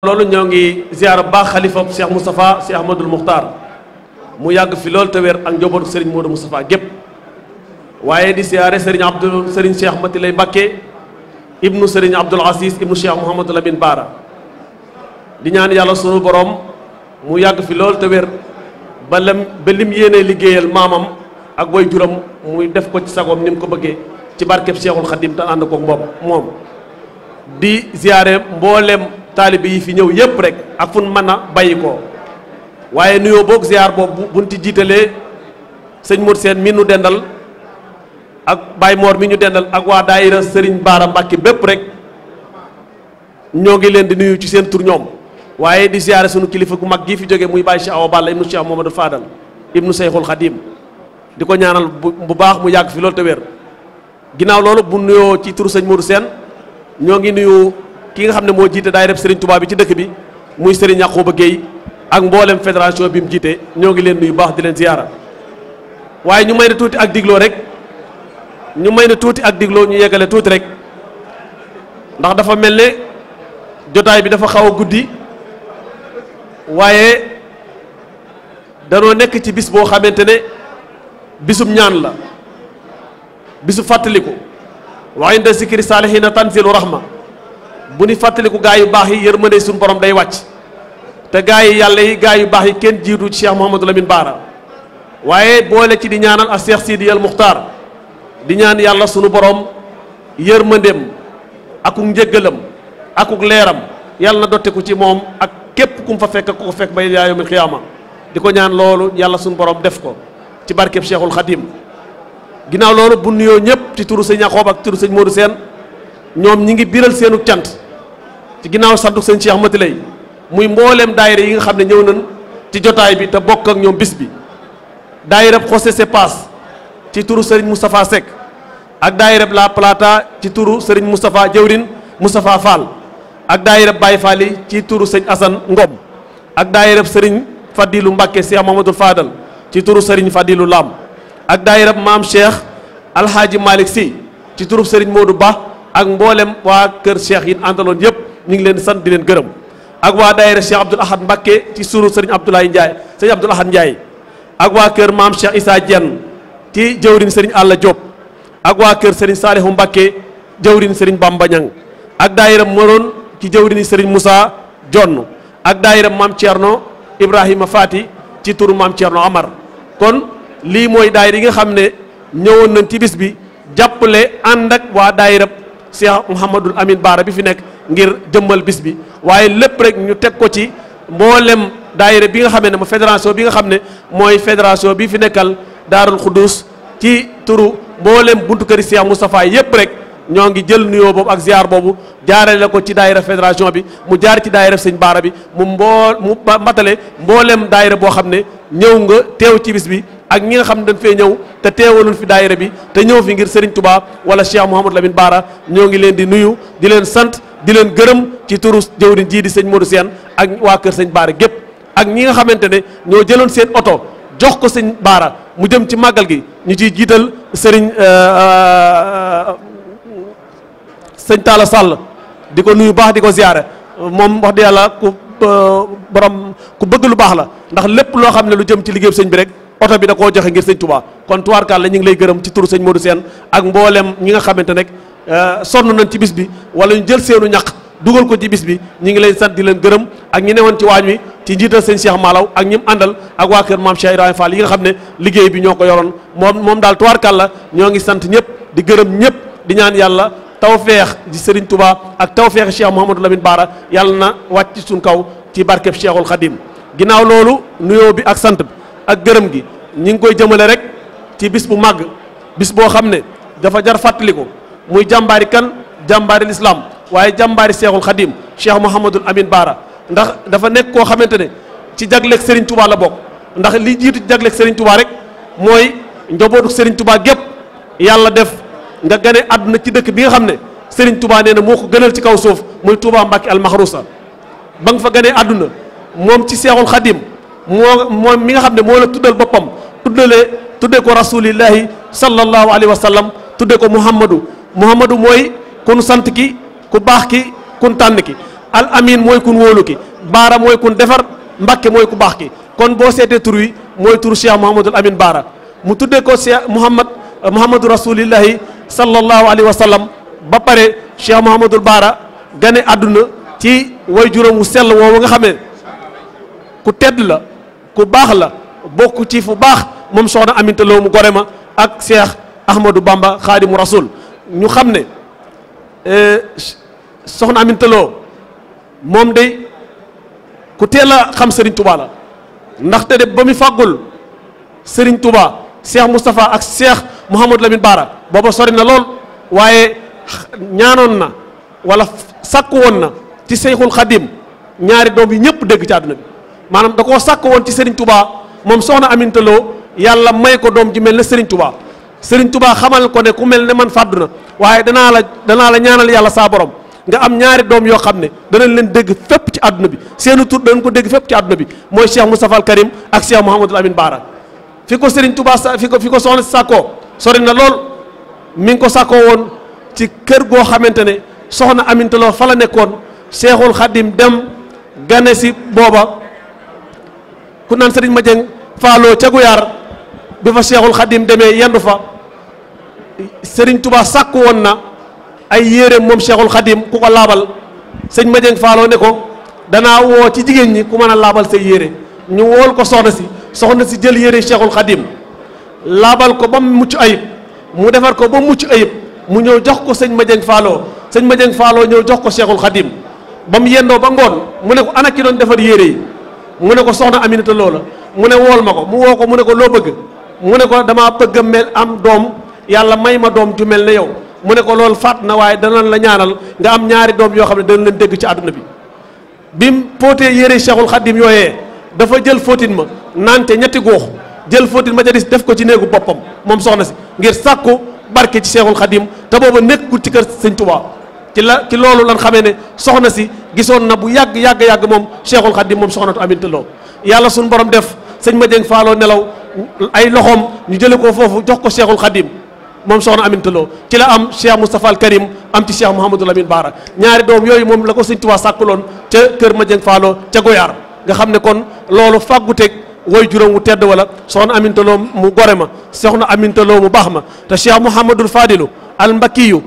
loolu ñoo ngi ziar baax xalifa Cheikh Moustapha Cheikh Ahmadul Muxtaar mu yàgg fi loolu te wér ak njobootu Serigne Modou Moustapha gépp waaye di ziare Serigne Abdou Serigne Cheikh Mati lay Bakke ibnu Serigne Abdoul Aziz ibnu Cheikh Mouhamadou Lamine Baara di ñaan yàlla sunu boroom mu yàgg fi loolu te wér ba lam lim yéene liggéeyal maamam ak way juróom muy def ko ci sagoom ni mu ko bëggee ci barkeb Cheikhul Khadim te ànd moom di ziare mboolem. taalibe yi fi ñëw yépp rek ak fun mën a bàyyi ko waaye nuyoo boog ziar boobu buñ ci jiitalee sëñ Mour Seen mi nu dendal ak Baye Mor mi ñu dendal ak waa daayira Sëriñ Baara Mbàkke bépp rek ñoo ngi leen di nuyu ci seen tur ñoom waaye di ziare sunu kilifa gu mag gi fi jóge muy Baye Cheikh Awa Balla ibnu Cheikh Mohamadou di ko ñaanal bu baax mu yàgg fi loolu te wér ginnaaw loolu bu nuyoo ci tur sëñ Mour Seen ñoo ngi nuyu ki nga xam ne moo jiite daayira Serigne Touba bi ci dëkk bi muy Serigne ba Guèye ak mboolem fédération bi mu jiite ñoo ngi leen nuyu baax di leen ziyaara waaye ñu may ne tuuti ak digloo rek ñu may ne tuuti ak digloo ñu yeggale tuuti rek ndax dafa mel ne jotaay bi dafa xaw a guddi waaye danoo nekk ci bis boo xamante ne bisum ñaan la bisu fàttaliku wa inda zikri saalihiina tanzilu rahma bu ni fàttaliku gaa yu baax yi yërmande suñu borom day wàcc te gaa yi yàlla yi gaa yu baax yi kenn jiitu Cheikh Mouhamadou Lamine Baara waaye boole ci di ñaanal ak Cheikh Sidi al Muxtaar di ñaan yàlla sunu borom yërmandeem akuk njëggalam akuk leeram yàlla na dotteku ci moom ak képp kum fa fekk ku ko fekk bay yaayomil xiyaama di ko ñaan loolu yàlla sunu borom def ko ci barkeb Cheikhul Khadim ginnaaw loolu bu nuyoo ñëpp ci turu sëñ Yakhoob ak turu sëñ Modou Sène ñoom ñi ngi biral seenu cant ci ginnaaw santu sëñ Cheikh Mati lay muy mbooleem daayira yi nga xam ne ñëw nañ ci jotaay bi te bokk ak ñoom bis bi daayirab José Sepas ci turu Serigne Moustapha Seck ak daayirab laa palaata ci turu Serigne Moustapha Jëwrin Moustapha Fall ak daayirab Baye Fall yi ci turu sëñ Assane Ngom ak daayirab Serigne Fadilu Mbacke Cheikh Mamadou faadal ci turu Serigne Fadilu Lam ak daayirab Maam Cheikh Alhaaji Malick si ci turu Serigne Modou Ba ak mboolem waa kër cheikh yi àndaloon yëpp ñu ngi leen di sant di leen gërëm ak waa daayira cheikh Abdoul Ahad Mbacké ci suru sëriñ Abdoulaye Ndiaye sëriñ Abdoul Ahad Ndiaye ak waa kër maam cheikh Issa Dieng ci jëwriñ sëriñ Alla Diop ak waa kër sëriñ Saalihu Mbacké jëwriñ sëriñ Bamba ak daayira Moroon ci jëwriñ sëriñ Moussa Jonn ak daayira maam Thierno Ibrahima Fati ci turu maam Thierno Amar kon lii mooy daayira yi nga xam ne ñëwoon nañ ci bi jàppale ànd waa daayira Cheikh Mouhamadul Amin Baara bi fi nekk ngir jëmmal bis bi waaye lépp rek ñu teg ko ci mboolem daayira bi nga xam ne ma fédération bi nga xam ne mooy fédération bi fi nekkal Daarul Xuddus ci turu mboolem buntu këri Cheikh Moustapha yépp rek ñoo ngi jël nuyoo boobu ak ziar boobu jaarale ko ci daayira fédération bi mu jaar ci daayira sëñ Baara bi mu mboo mu matale mboolem daayira boo xam ne ñëw nga teew ci bis bi ak ñi nga xam ne dañ fee ñëw te teewalul fi daayira bi te ñëw fi ngir Serigne tubaab wala Cheikh Mouhamadou Lamine baara ñoo ngi leen di nuyu di leen sant di leen gërëm ci turu jëwriñ jii di sëñ Modou Sène ak waa kër sëñ Bara gépp ak ñi nga xamante ne ñoo jëloon seen oto jox ko sëñ Bara mu jëm ci màggal gi ñu ciy jiital Serigne euh, euh, sëñ Talla Sall di ko nuyu baax di ko ziyaare moom wax dëgg yàlla ku euh, borom ku bëgg lu baax la ndax lépp loo xam ne lu jëm ci liggéeyu sëñ bi rek. oto bi da koo joxe ngir sëñ tubaa kon tubaarkaal la ñu ngi lay gërëm ci turu sëñ Modou Sène ak mboolem ñi nga xamante ne euh, sonn nañ ci bis bi wala ñu jël seenu ñax dugal ko ci bis bi ñu ngi leen sant di leen gërëm ak ñi newoon ci waañ wi ci njiital sëñ Cheikh maalaw ak ñim àndal ak waa kër maam Cheikh Ibrahima Fall yi nga xam ne liggéey bi ñoo ko yoroon moom moom daal tubaarkaal la ñoo ngi sant ñëpp di gërëm ñëpp di ñaan yàlla tawfeex di Serigne Touba ak tawfeex Cheikh Mouhamadou Lamine Bara yàlla na wàcc suñ kaw ci barkeb Cheikhul Khadim ginnaaw loolu nuyoo bi ak sant bi ak gërëm gi ñu ngi koy jëmale rek ci bis bu màgg bis boo xam ne dafa jar fàttali fàttaliku muy jàmbaari kan jàmbaari lislaam waaye jàmbaari seexul xadim cheikh mouhamadul amin baara ndax dafa nekk koo xamante ne ci jagleeg Serigne Touba la bokk ndax li jiitu ci jagleeg Serigne Touba rek mooy njobootu Serigne Touba gépp yàlla def nga gane àdduna ci dëkk bi nga xam ne Serigne Touba nee na moo ko gënal ci kaw suuf muy Touba Mbacke al Mahrousa ba nga fa ganee àdduna moom ci seexul xadim moo moo mi nga xam ne moo la tuddal boppam tuddalee tuddee ko rasulillahi sallallahu alayhi wa sallam tuddee ko muhammadu muhammadu mooy kun sant ki ku baax ki kun tànn ki al amin mooy kun wóolu ki baara mooy kun defar mbakke mooy ku baax ki kon boo seetee tur wi mooy tur cheikh muhammadul amin baara mu tuddee ko cheikh muhammad euh, muhammadu rasulillahi sallallahu alayhi wa sallam ba pare cheikh muhammadul baara gane àdduna ci way juróom wu sell woowu nga xamee ku tedd la bu baax la bokk ci fu baax moom soxna Aminta Lo mu gore ma ak Cheikh Ahmadou Bamba Xaadimu Rasul ñu xam ne euh, soxna Aminta moom day ku teel a xam Serigne tubaa la ndaxte de ba mu fàggul Serigne Touba Cheikh Moustapha ak Cheikh Mouhamadou Lamine Bara booba sori na lool waaye ñaanoon na wala sàkku woon na ci Seyxul Xadim ñaari doom yi ñëpp dégg ci àdduna bi. maanaam da koo sàkk woon ci Serigne tubaa moom soxna Aminta Lo yàlla may ko doom ji mel na Serigne Touba Serigne tubaa xamal ko ne ku mel ne man fàddu na waaye danaa la danaa la ñaanal yàlla saa nga am ñaari doom yoo xam ne danañ leen dégg fépp ci àdduna bi seeni tur danañ ko dégg fépp ci àdduna bi mooy Cheikh Moustapha Al Karim ak Cheikh Mouhamadul Amin Baara fi ko Serigne tubaa sa fi ko fi ko soxna si sàkkoo sori na lool mi ngi ko sàkkoo woon ci kër goo xamante ne soxna Aminta Lo fa nekkoon Cheikhul Khadim dem gane si booba. ku naan sëriñ ma jëng faaloo ca guyaar bi fa seexul xadim demee yendu fa sëriñ tubaa sàkk woon na ay yére moom seexul xadim ku ko laabal sëñ ma jëng ne ko danaa woo ci jigéen ñi ku mën a laabal say yére ñu wool ko soxna si soxna si jël yére seexul xadim laabal ko ba mu mucc ayib mu defar ko ba mucc ayib mu ñëw jox ko sëñ ma jëng faaloo sëñ ma jëng faaloo ñëw jox ko seexul xadim ba mu yendoo ba ngoon mu ne ko ana ki doon defar yére yi mu ne ko soxna Aminata loola mu ne wool ma ko mu woo ko mu ne ko loo bëgg mu ne ko damaa bëgg a am doom yàlla may ma doom ju mel ne yow mu ne ko lool fàtt na waaye danañ la ñaanal nga am ñaari doom yoo xam ne danañ leen dégg ci àdduna bi bi mu fóotee yére Cheikhul Khadim yooyee dafa jël fóotin ma nante ñetti góox jël fóotin ma ca def ko ci néegu boppam moom soxna si ngir sàkku barke ci Cheikhul Khadim te booba nekkul ci kër Sëñ Tuubaa ci la ci loolu la xamee ne soxna si gisoon na bu yàgg yàgg yàgg moom Cheikhul Khadim moom soxna Aminta Lo yàlla suñ borom def sëñ ma jëng faaloo nelaw ay loxoom ñu jële ko foofu jox ko Cheikhul Khadim moom soxna Aminta Lo ci la am Cheikh Moustapha al Karim am ci Cheikh Mouhamadul Amin Baara ñaari doom yooyu moom la ko sëñ Tuubaa loon ca kër ma jëng faaloo ca Goyaar nga xam ne kon loolu fàgguteeg woy juróom wu tedd wala soxna Aminta Lo mu gore ma soxna Aminta Lo mu baax ma te Cheikh Mouhamadul Fadilu al Mbakiyu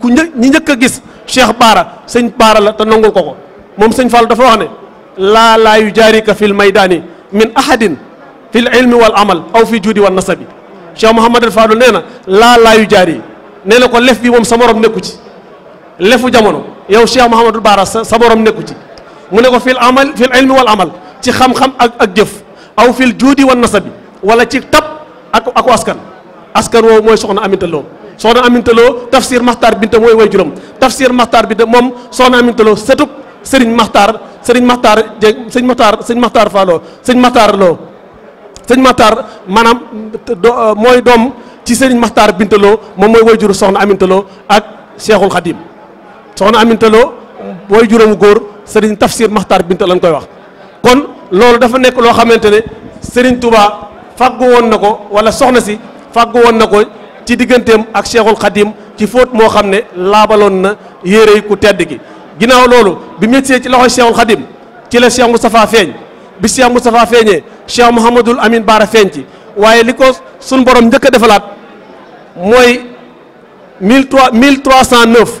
ku një ñi njëkk a gis Cheikh Baara sëñ Baara la te nangul ko ko moom sëñ Fall dafa wax ne laa laa yu jaarika fil maydaani min ahadin fil ilmi wal amal aw fi juudi wal nasabi Cheikh Mouhamadul nee na laa laa yu nee na ko lef bi moom sa nekku ci lefu jamono yow Cheikh Mouhamadul Baara sa sa morom nekku ci mu ne ko fil amal fil ilmi wal amal ci xam-xam ak ak jëf aw fil juudi wal nasabi wala ci tab ak askan askan woowu mooy soxna Aminta Lo soxna Aminta Lo tafsir Maxtaar Binta mooy way juróom tafsir Maxtaar Binta moom soxna Aminta Lo setub Serigne Maxtaar Serigne Maxtaar Dieng sëñ Maxtaar sëñ Maxtaar Fallo sëñ Maxtaar sëñ Maxtaar maanaam mooy doom ci Serigne Maxtaar Binta moom mooy way juru soxna Aminta Lo ak Cheikhul Khadim soxna Aminta Lo way juróomu góor Serigne tafsir Maxtaar Binta lañ koy wax kon loolu dafa nekk loo xamante ne Serigne Touba fàggu woon na ko wala soxna si fàgg woon na ko. ci digganteem ak cheikhul xadim ci fóot moo xam ne laabaloon na yére ku tedd gi ginnaaw loolu bi mu ci loxo cheikhul xadim ci la cheikh moustapha feeñ bi cheikh moustapha feeñee amin baara feeñ ci waaye li ko sun borom njëkk a defalaat mooy mille trois mille trois cent neuf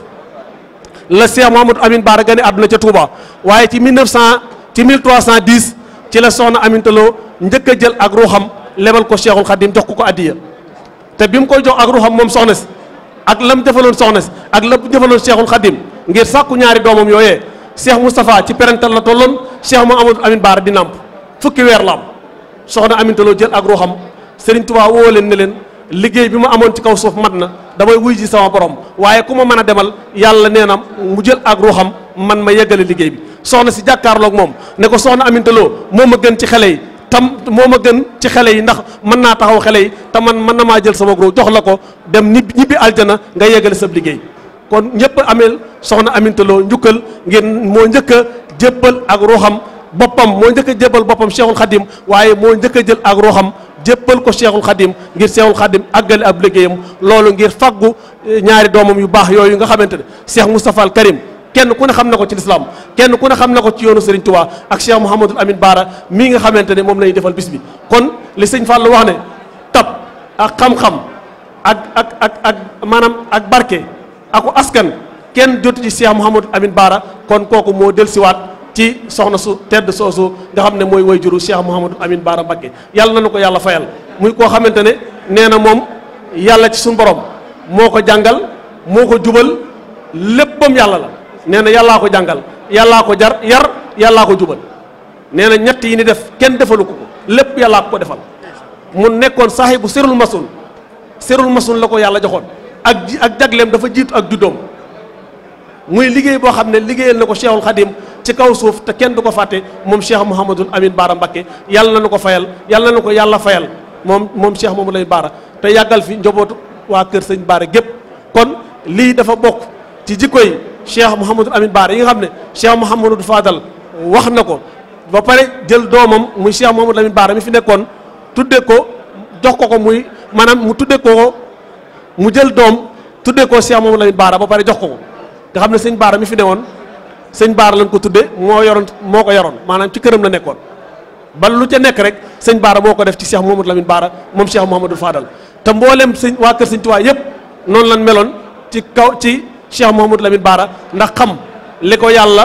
la cheikh mouhamadul amin baara gane àdduna ca Touba waaye ci mille neuf cent ci cent dix ci la soxna Amintaloo njëkk jël ak ruuxam lebal ko cheikhul xadim jox ko ko addiya te bi mu koy jox ak ruuxam moom soxna si ak lam defaloon soxna si ak lam defaloon cheikhul xadim ngir sàkku ñaari doomam yooyee cheikh safaa ci parental la tolloon cheikh mahamadou amin baara di nàmp fukki weer la am soxna amintaloo jël ak ruuxam sëriñ tubaa woo leen ne leen liggéey bi ma amoon ci kaw suuf mat na damay wuy ji sama borom waaye ku ma mën a demal yàlla nee na mu jël ak ruuxam man ma yeggale liggéey bi soxna si jàkkaarloog moom ne ko soxna amintaloo moom a gën ci xale yi tam moo ma gën ci xale yi ndax mën naa taxaw xele yi te man mën na maa jël sama groupe jox la ko dem ñibbi ñibbi aljana nga yeggale sab liggéey kon ñëpp ameel soxna Aminta Lo njukkal ngir moo njëkk a jébbal ak ruuxam boppam moo njëkk a boppam Cheikhul Khadim waaye moo njëkk jël ak ruuxam jébbal ko Cheikhul Khadim ngir Cheikhul Khadim àggale ab liggéeyam loolu ngir faggu eh, ñaari doomam yu baax yooyu nga xamante ne Cheikh Moustapha Karim kenn ku ne xam na ko ci lislaam kenn ku ne xam na ko ci yoonu Serigne Touba ak Cheikh Mouhamadul Amin Baara mii nga xamante ne moom la defal bis bi kon li sëñ Fall wax ne tab ak xam-xam ak ak ak maanaam ak barke aku askan kenn jotu ci Cheikh Mouhamadul Amin Baara kon kooku moo siwaat ci soxna su tedd soosu nga xam ne mooy way juru Cheikh Mouhamadou Amine Baara Mbacké yàlla na nu ko yàlla fayal muy koo xamante ne nee na moom yàlla ci suñ borom moo ko jàngal moo ko jubal léppam yàlla la nee na yàllaa ko jàngal yàllaa ko jar yar yàllaa ko jubal nee na ñett yi ni def kenn defalu ko ko lépp yàllaa ko ko defal mu nekkoon saaxibu sérul masul serul masul la ko yàlla joxoon ak ak jagleem dafa jiitu ak juddoom muy liggéey boo xam ne liggéeyal na ko cheikhul xadim ci kaw suuf te kenn du ko fàtte moom cheikh mouhamadul amin baara mbakke yàlla na nu ko fayal yàlla na nu ko yàlla fayal moom moom cheikh moom lay baara te yàggal fi njobootu waa kër sëñ baara gépp kon lii dafa bokk ci cheikh Mouhamadul Amin Baar yi nga xam ne cheikh Mouhamadul Fadal wax na ko ba pare jël doomam muy cheikh Mouhamadul Amin baara mi fi nekkoon tudde ko jox ko ko muy maanaam mu tudde ko mu jël doom tudde ko cheikh Mouhamadul Amin baara ba pare jox ko ko nga xam ne sëñ baara mi fi newoon sëñ Baar lañ ko tudde moo yoroon moo ko yoroon maanaam ci këram la nekkoon ba lu ca nekk rek sëñ Baara moo ko def ci cheikh Mouhamadul Amin Baara moom cheikh Mouhamadul Fadal te mboolem sëñ waa kër sëñ yëpp noonu lañ meloon ci kaw ci. Cheikh Mouhamad Lamine Baara ndax xam li ko yàlla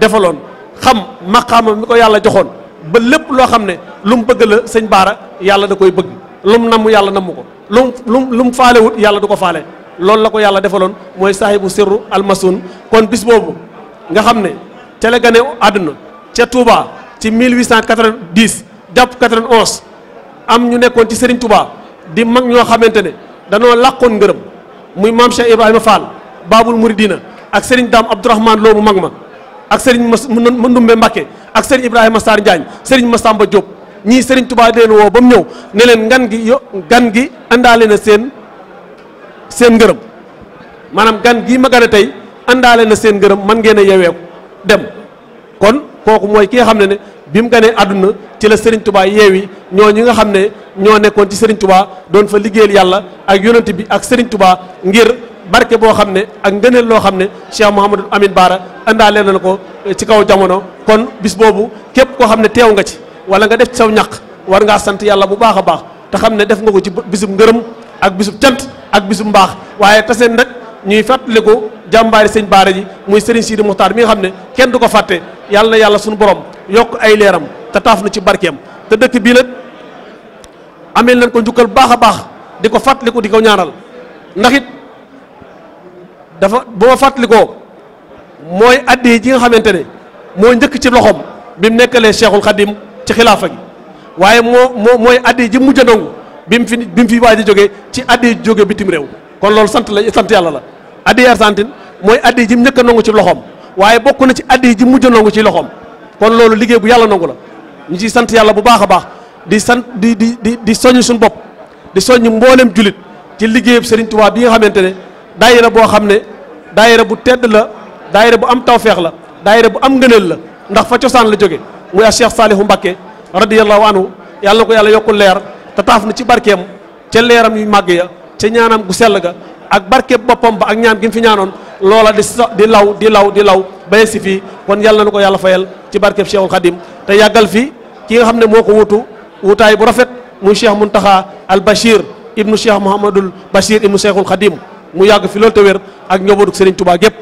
defaloon xam maqaama mi ko yàlla joxoon ba lépp loo xam ne lu mu bëgg la sëñ Baara yàlla da koy bëgg lu mu namm yàlla namm ko lu mu lu mu yàlla du ko faale loolu la ko yàlla defaloon mooy saahibu sirru almasun kon bis boobu nga xam ne ca la gane àdduna ca Touba ci 1890 jàpp 91 am ñu nekkoon ci Serigne Touba di mag ñoo xamante ne danoo làqoon ngërëm muy maam baabul muridina ak Serigne Dame Abdourahmane Lo mu mag ma ak ma Serigne Mas Ndumbe Mbacke ak Serigne Ibrahima Sarr Njaañ ma Massamba Diop ñii Serigne Touba di leen woo ba mu ñëw ne leen ngan gi yo gan gi àndaale na seen seen ngërëm maanaam gan gii ma gane tey àndaale na seen ngërëm man ngeen a yeweeku dem kon kooku mooy ki nga xam ne ne bi mu ganee àdduna ci la Serigne Touba yeewi ñoo ñi nga xam ne ñoo nekkoon ci Serigne tubaa doon fa liggéeyal yàlla ak yonent bi ak Serigne tubaa ngir barke boo xam ne ak ngëneel loo xam ne Cheikh Mouhamadou Amine Baara indaale na ko eh, ci kaw jamono kon bis boobu képp koo xam ne teew nga ci wala nga def ci saw ñaq war ngaa sant yàlla bu baax a baax te xam ne def nga ko ci bisub ngërëm ak bisub cant ak bisub mbaax waaye tase nag ñuy ko jàmbaari sëñ Baara ji muy Serigne Sidi Muxtaar mi nga xam ne kenn du ko fàtte yàlla na yàlla suñu borom yokk ay leeram te taaf na ci barkeem te dëkk bii nag ameel nañ ko njukkal baax a baax di ko fàttaliku di ko ñaanal dafa bu ma fàttalikoo mooy addi ji nga xamante ne moo njëkk ci loxoom bi mu nekkalee Cheikhul Khadim ci xilaafa gi waaye moo moo mooy addi ji mujj a nangu bi mu fi bi mu fi waaj a jógee ci addi jóge bitim réew kon loolu sant la sant yàlla la addi Argentine mooy addi ji mu njëkk a nangu ci loxoom waaye bokk na ci addi ji mujj a nangu ci loxoom kon loolu liggéey bu yàlla nangu la ñu ciy sant yàlla bu baax a baax di sant di di di di soññ suñu bopp di soññ mboolem julit ci liggéeyub Serigne Touba bi nga xamante ne daayira boo xam ne daayira bu tedd la daayira bu am tawfeex la daayira bu am ngëneel la ndax fa cosaan la jóge muy a Cheikh Saalihu Mbakke radiyallahu anhu yàlla na ko yàlla yokku leer te taaf na ci barkeem ca leeram yu màgg ya ca ñaanam gu sell ga ak barke boppam ba ak ñaan gi fi ñaanoon loola di sa di law di law di law ba si fii kon yàlla na ko yàlla fayal ci barkeb Cheikhul Khadim te yàggal fi ki nga xam ne moo ko wutu wutaay bu rafet muy Cheikh Muntaxa al Bachir ibnu Cheikh Mouhamadul Bachir ibnu Cheikhul Khadim mu yàgg fi loolu te wér ak njabootu Serigne Touba gépp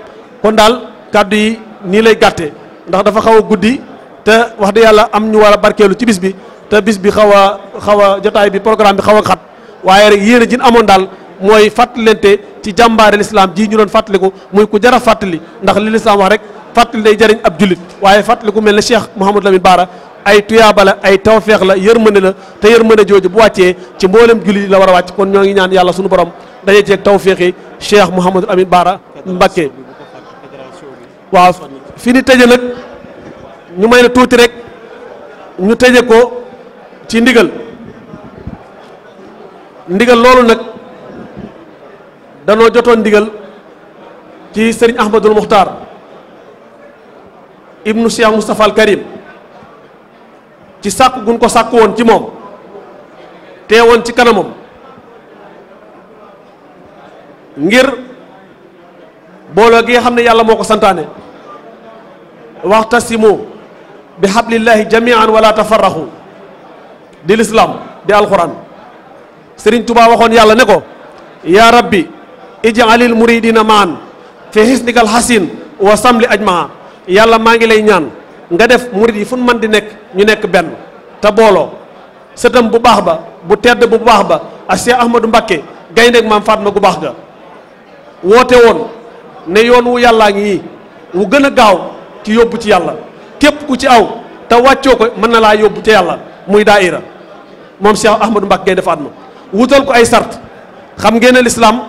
kon daal kàddu yi nii lay gàtte ndax dafa xaw a guddi te wax dëgg yàlla am ñu war a barkeelu ci bis bi te bis bi xaw a xaw a jotaay bi programme bi xaw a xat waaye rek yéen a jin amoon daal mooy fàttalente ci jàmbaare lislaam jii ñu doon fàttaliku muy ku jar a fàttali ndax li lislaam wax rek fàttali day jëriñ ab jullit waaye fàttaliku mel ne Cheikh Mouhamadou Lamine Bara ay tuyaaba la ay tawfeex la yërmande la te yërmande jooju bu wàccee ci mboolem jullit la war wàcc kon ñoo ngi ñaan yàlla suñu borom daje ceeg tawféexi Cheikh Mouhamadou Amine Bara Mbacké waaw fi ni tëje nag ñu may na tuuti rek ñu tëje ko ci ndigal ndigal loolu nag danoo jotoon ndigal ci sëriñ Ahmadul Muxtaar ibnu Cheikh Moustapha al Karim ci sàkk gun ko sàkk woon ci moom tee woon ci kanamam ngir booloo gi nga xam ne yàlla moo ko santaane waxta waxtasimu bi hablillahi jamian wala tafarraxu di lislaam di alquran sëriñ tubaa waxoon yàlla ne ko yaa rabbi ijaalil muridina maan fi xisnikal xasin wa samli ajmaa yàlla maa ngi lay ñaan nga def murid yi fu man di nekk ñu nekk benn te booloo sëtam bu baax ba bu tedd bu baax ba ak Cheikh Ahmadou Mbacké gaynde ak maam gu baax ga woote woon ne yoon wu yàllaa ngi nii wu gën a gaaw ci yóbbu ci yàlla képp ku ci aw te wàccoo ko mën na laa yóbbu ci yàlla muy daaira moom Cheikh Ahmadou Mbacké Gaïndé Fatma wutal ko ay sart xam ngeen ne lislaam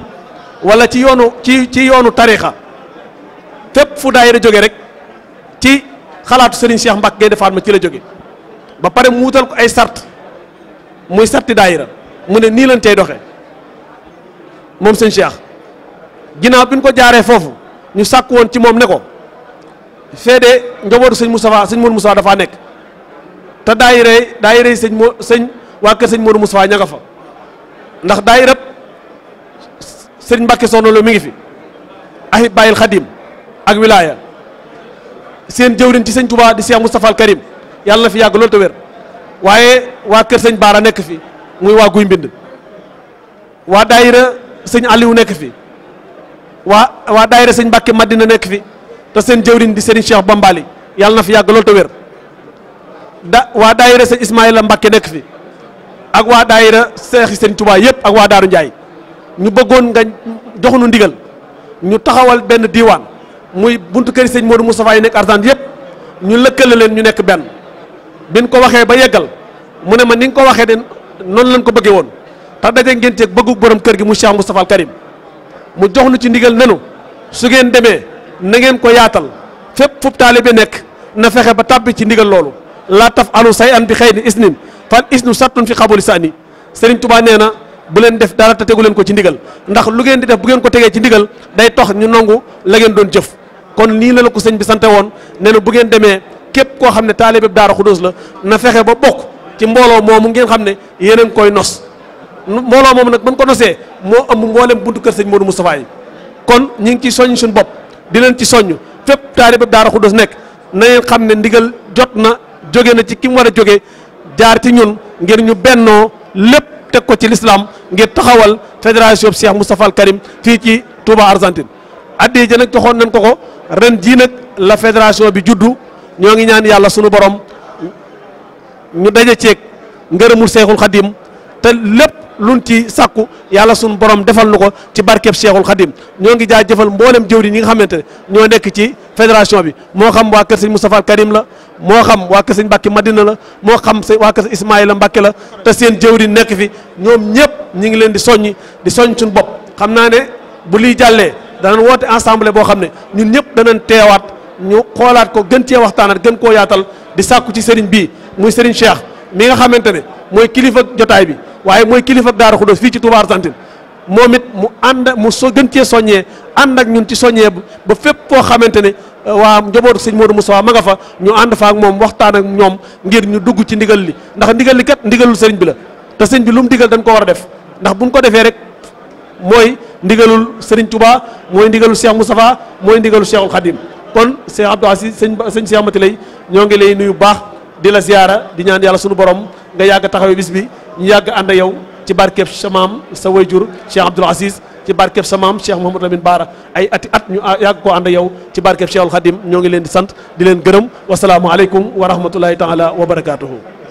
wala ci yoonu ci ci yoonu tarixa fépp fu daayira jóge rek ci xalaatu Serigne Cheikh Mbacké Gaïndé Fatma ci la jóge ba pare mu wutal ko ay sart muy sarti mu ne nii lañ tey doxe moom sëñ Cheikh ginnaaw bi ñu ko jaaree foofu ñu sàkk woon ci moom ne ko feede njabootu sëñ Moustapha sëñ Modou Moustapha dafaa nekk te daayire daayire sëñ moo sëñ waa kër sëñ Modou Moustapha ña nga fa ndax daayirab sëñ Mbacke Soxna mi ngi fi ahib bàyyil xadim ak wilaya seen jëwriñ ci sëñ Touba di Cheikh Moustapha al Karim yàlla na fi yàgg loolu te wér waaye waa kër sëñ Baara nekk fi muy waa guy mbind waa daayira sëñ Aliou nekk fi waa waa daayira sëñ Mbàkke Madina nekk fi te seen jëwriñ di Serigne Cheikh Bambali yàlla na fi yàgg lool te wér da waa daayira sëñ la Mbàkke nekk fi ak waa daayira seexi sëñ Tuubaa yëpp ak waa Daaru Njaay ñu bëggoon nga joxunu ndigal ñu taxawal benn diiwaan muy buntu këri sëñ Modou Moustapha yi nekk Argentine yëpp ñu lëkkale leen ñu nekk benn biñ ko waxee ba yeggal mu ne ma ni nga ko waxee de noonu lañ ko bëggee woon tax daje ngeen ceeg bëggu kër gi mu Cheikh Moustapha mu jox nu ci ndigal nenu su ngeen demee na ngeen ko yaatal fépp fu taalibe nekk na fexe ba tàbbi ci ndigal loolu laa taf alu say an bi xëy ni isnin fan isnu sattun fi xabuli sa ni Sëriñ tubaa nee na bu leen def dara te tegu leen ko ci ndigal ndax lu ngeen di def bu ngeen ko tegee ci ndigal day tox ñu nangu la ngeen doon jëf kon nii la la ko sëñ bi sante woon nee na bu ngeen demee képp koo xam ne taalibe bi daara xudóos la na fexe ba bokk ci mbooloo moomu ngeen xam ne yéen a nos mbooloo moom nag buñ ko nosee moo ëmb mboolem buntu kër sëñ Modou Moustapha yi kon ñu ngi ciy soññ suñu bopp di leen ci soññ fépp taalibe Daara Xuddoos nekk na xam ne ndigal jot na jóge na ci ki war a jóge jaar ci ñun ngir ñu bennoo lépp teg ko ci l'islam ngir taxawal fédération Cheikh Moustapha Al Karim fii ci Touba Argentine addi ji nag joxoon nañ ko ko ren jii nag la fédération bi juddu ñoo ngi ñaan yàlla suñu borom ñu daje ceeg ngërëmul Seexul Xadim te lépp luñ ci sàkku yàlla suñ borom defal nu ko ci barkeb Cheikhul Khadim ñoo ngi jaajëfal mboolem jëwri ñi nga xamante ñoo nekk ci fédération bi moo xam waa kër sëñ Moustapha Karim la moo xam waa kër sëñ Mbàkke Madina la moo xam waa kër sëñ la Mbàkke la te seen jëwri nekk fi ñoom ñëpp ñu ngi leen di soññi di soñ suñ bopp xam naa ne bu liy jàllee danañ woote ensemble boo xam ne ñun ñëpp danañ teewaat ñu xoolaat ko gën cee waxtaanaat gën koo yaatal di sàkku ci sëriñ bii muy sëriñ Cheikh mooy kilifa jotaay bi waaye mooy kilifa Daaru Xudoos fii ci tubaa Argentine moom it mu ànd mu so gën cee soññee ànd ak ñun ci soññee ba fépp foo xamante ne euh, waa njabootu sëñ Modou Moussa ma nga fa ñu ànd fa ak moom waxtaan ak ñoom ngir ñu dugg ci ndigal li ndax ndigal li kat ndigalul seriñ bi la te sëñ bi lu mu digal dañ ko war a def ndax bu buñ ko defee rek mooy ndigalul sëriñ Touba mooy ndigalul Cheikh Moustapha mooy ndigalul Cheikhul Khadim kon Cheikh Abdou Aziz sëñ sëñ Cheikh Mati lay ñoo ngi lay nuyu baax di la ziyaara di ñaan yàlla suñu borom nga yàgg taxawee bis bi ñu yàgg ànd ak yow ci barkeeb sa maam sa wayjur Cheikh Abdoul Aziz ci barkeeb sa maam Cheikh Mouhamadou Lamine Bara ay ati at ñu ah, yàgg koo ànd ak yow ci barkeeb Cheikhul Khadim ñoo ngi leen di sant di leen gërëm wasalaamualeykum wa rahmatullahi taala wa barakaatuhu